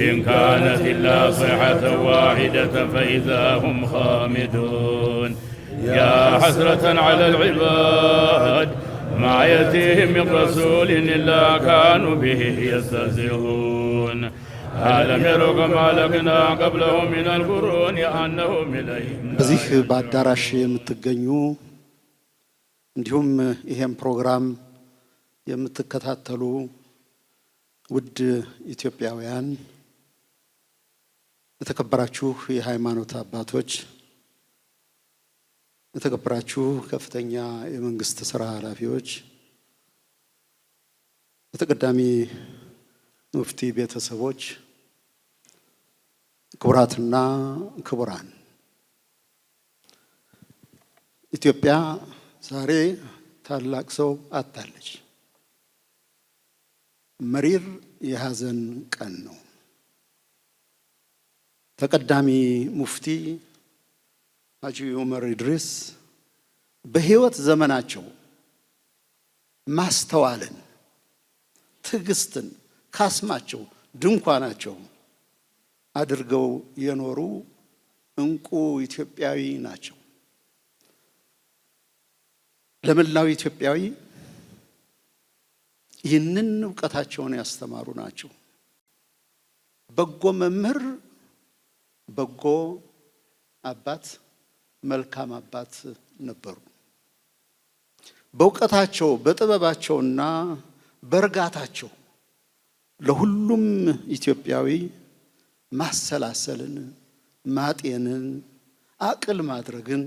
إن كانت إلا صيحة واحدة فإذا هم خامدون يا حسرة على العباد ما يأتيهم من رسول إلا كانوا به يستهزئون ألم يروا ما أهلكنا قبلهم من القرون أنهم إليهم በዚህ በአዳራሽ የምትገኙ እንዲሁም ይሄን ፕሮግራም የምትከታተሉ ውድ ኢትዮጵያውያን የተከበራችሁ የሃይማኖት አባቶች፣ የተከበራችሁ ከፍተኛ የመንግስት ስራ ኃላፊዎች፣ በተቀዳሚ ሙፍቲ ቤተሰቦች፣ ክቡራትና ክቡራን፣ ኢትዮጵያ ዛሬ ታላቅ ሰው አጣለች። መሪር የሀዘን ቀን ነው። ተቀዳሚ ሙፍቲ ሐጂ ዑመር ኢድሪስ በሕይወት ዘመናቸው ማስተዋልን፣ ትዕግስትን ካስማቸው ድንኳናቸው አድርገው የኖሩ እንቁ ኢትዮጵያዊ ናቸው። ለመላው ኢትዮጵያዊ ይህንን እውቀታቸውን ያስተማሩ ናቸው። በጎ መምህር በጎ አባት፣ መልካም አባት ነበሩ። በእውቀታቸው በጥበባቸውና በእርጋታቸው ለሁሉም ኢትዮጵያዊ ማሰላሰልን፣ ማጤንን፣ አቅል ማድረግን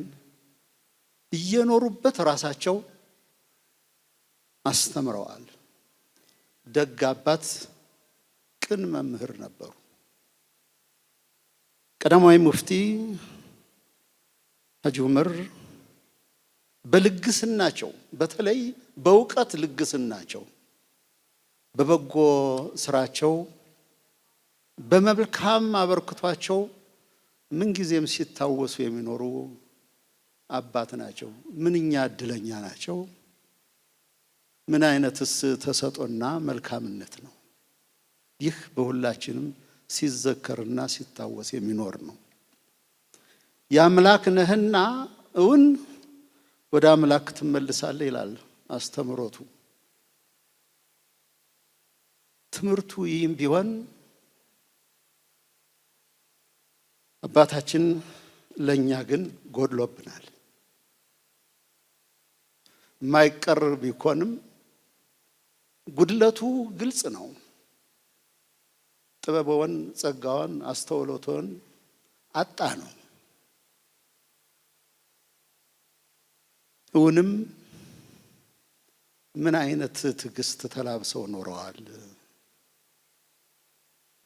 እየኖሩበት ራሳቸው አስተምረዋል። ደግ አባት፣ ቅን መምህር ነበሩ። ቀዳማዊ ሙፍቲ ሀጂ ዑመር በልግስናቸው በተለይ በእውቀት ልግስናቸው በበጎ ስራቸው በመልካም አበርክቷቸው ምንጊዜም ሲታወሱ የሚኖሩ አባት ናቸው። ምንኛ እድለኛ ናቸው! ምን አይነትስ ተሰጦና መልካምነት ነው! ይህ በሁላችንም ሲዘከርና ሲታወስ የሚኖር ነው። የአምላክ ነህና እውን ወደ አምላክ ትመልሳለህ ይላል አስተምሮቱ። ትምህርቱ ይህም ቢሆን አባታችን ለእኛ ግን ጎድሎብናል። የማይቀር ቢኮንም ጉድለቱ ግልጽ ነው። ጥበቦን፣ ጸጋዋን፣ አስተውሎቶን አጣ ነው። እውንም ምን አይነት ትዕግስት ተላብሰው ኖረዋል?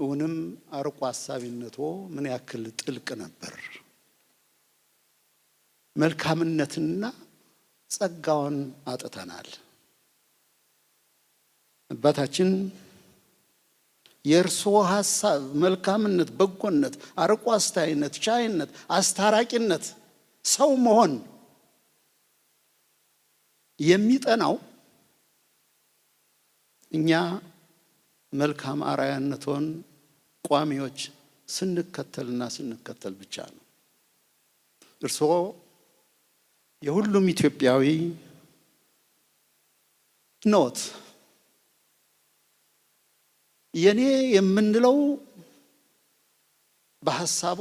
እውንም አርቆ አሳቢነቶ ምን ያክል ጥልቅ ነበር? መልካምነትና ጸጋውን አጥተናል። አባታችን የእርስዎ ሀሳብ፣ መልካምነት፣ በጎነት፣ አርቆ አስተያይነት፣ ቻይነት፣ አስታራቂነት፣ ሰው መሆን የሚጠናው እኛ መልካም አርአያነቶን ቋሚዎች ስንከተልና ስንከተል ብቻ ነው። እርስዎ የሁሉም ኢትዮጵያዊ ኖት። የኔ የምንለው በሐሳቦ፣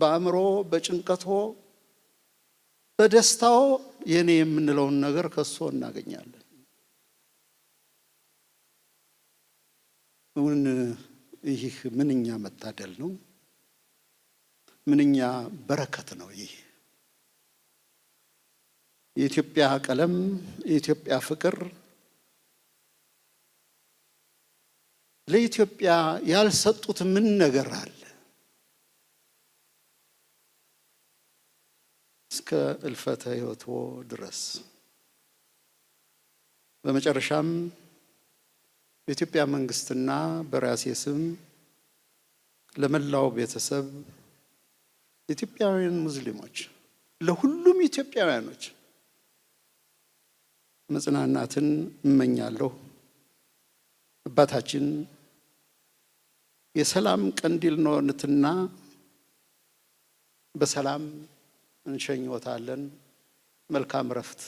በአእምሮ፣ በጭንቀቶ፣ በደስታዎ የኔ የምንለውን ነገር ከሶ እናገኛለን። እውን ይህ ምንኛ መታደል ነው! ምንኛ በረከት ነው! ይህ የኢትዮጵያ ቀለም፣ የኢትዮጵያ ፍቅር ለኢትዮጵያ ያልሰጡት ምን ነገር አለ? እስከ እልፈተ ሕይወትዎ ድረስ። በመጨረሻም በኢትዮጵያ መንግስትና በራሴ ስም ለመላው ቤተሰብ ኢትዮጵያውያን ሙስሊሞች፣ ለሁሉም ኢትዮጵያውያኖች መጽናናትን እመኛለሁ። አባታችን የሰላም ቀንዲል ነውንትና በሰላም እንሸኝዎታለን። መልካም እረፍት።